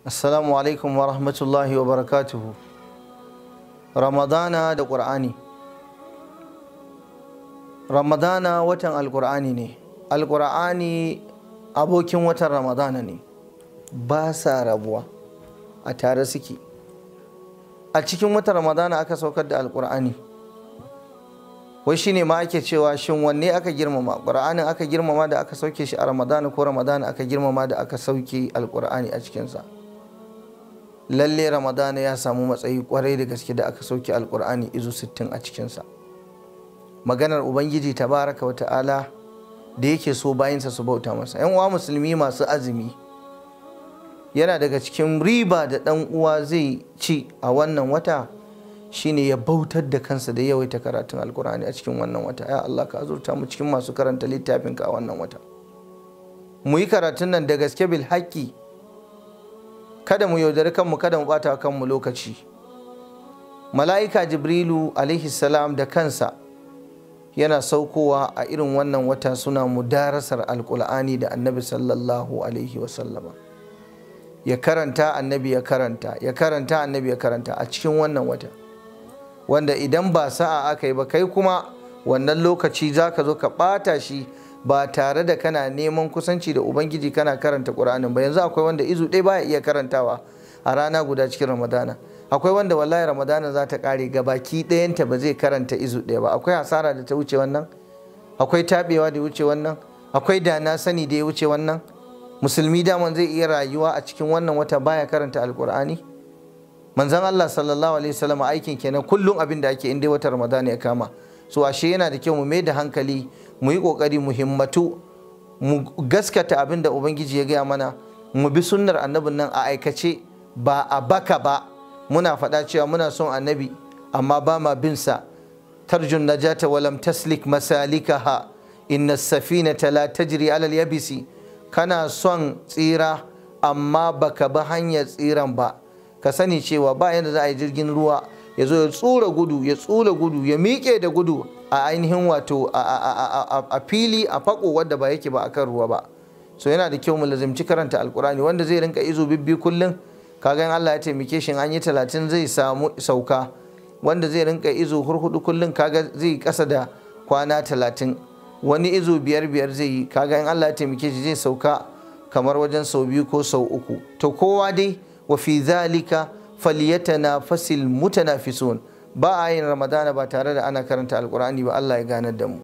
Assalamu alaikum wa rahmatullahi wa barakatuhu. Ramadana da Ƙur'ani. Ramadana watan Alƙur'ani ne. Alƙur'ani abokin watan Ramadana ne. Ba sa rabuwa a tare suke. A cikin watan Ramadana aka saukar da Alƙur'ani. Wai shi ne ma ake cewa shin wanne aka girmama? Ƙur'anin aka girmama da aka sauke shi a Ramadana ko Ramadana aka girmama da aka sauke Alƙur'ani a cikinsa. lalle ramadana ya samu matsayi kwarai da gaske da aka sauke alkur'ani izu 60 a cikinsa maganar ubangiji tabaraka wa ta'ala da yake so bayansa su bauta masa yan uwa musulmi masu azumi yana daga cikin riba da dan uwa zai ci a wannan wata shine ya bautar da kansa da yawaita karatun alkur'ani a cikin wannan wata ya Allah ka azurta mu cikin masu karanta littafinka a wannan wata mu yi karatun nan da gaske bil haƙƙi kada mu yaudari kanmu kada mu bata kanmu lokaci mala'ika jibrilu alaihi salam da kansa yana saukowa a irin wannan wata suna mu darasar alkur'ani da annabi sallallahu alaihi wasallama ya karanta annabi ya karanta ya karanta annabi ya karanta a cikin wannan wata wanda idan ba sa'a aka yi ba kai kuma wannan lokaci za ka zo ka ɓata shi ba tare da kana neman kusanci da ubangiji kana karanta qur'anin ba yanzu akwai wanda izu ɗaya baya iya karantawa a rana guda cikin ramadana akwai wanda wallahi ramadana za ta kare gabaki ɗayanta ba zai karanta izu ɗaya ba akwai hasara da ta wuce wannan akwai tabewa da ya wuce wannan akwai da na sani da ya wuce wannan musulmi daman zai iya rayuwa a cikin wannan wata baya karanta alkur'ani manzon Allah sallallahu alaihi wasallam aikin kenan kullum abin da ake inda wata ramadana ya kama so ashe yana da kyau mu mai da hankali mu yi ƙoƙari mu himmatu mu gaskata abin da ubangiji ya gaya mana mu bi sunnar annabin nan a aikace ba a baka ba muna faɗa cewa muna son annabi amma ba ma bin sa tarjun najata walam taslik masalikaha inna Safina la tajri alal yabisi kana son tsira amma baka bi hanyar tsiran ba ka sani cewa ba yadda za a yi jirgin ruwa ya zo ya tsura gudu ya tsura gudu ya miƙe da gudu a ainihin wato a fili a faƙo wadda ba yake ba akan ruwa ba so yana da kyau mu lazimci karanta alkurani wanda zai rinka izo bibbi kullum kaga in Allah ya taimake shi an yi talatin zai samu sauka wanda zai rinka izo hurhudu kullum kaga zai kasa da kwana talatin wani izo biyar biyar zai yi kaga in Allah ya taimake shi zai sauka kamar wajen sau biyu ko sau uku to kowa dai wa fi zalika faliyatana fasil mutanafisun ba a yin ramadana ba tare da ana karanta alkur'ani ba Allah ya ganar da mu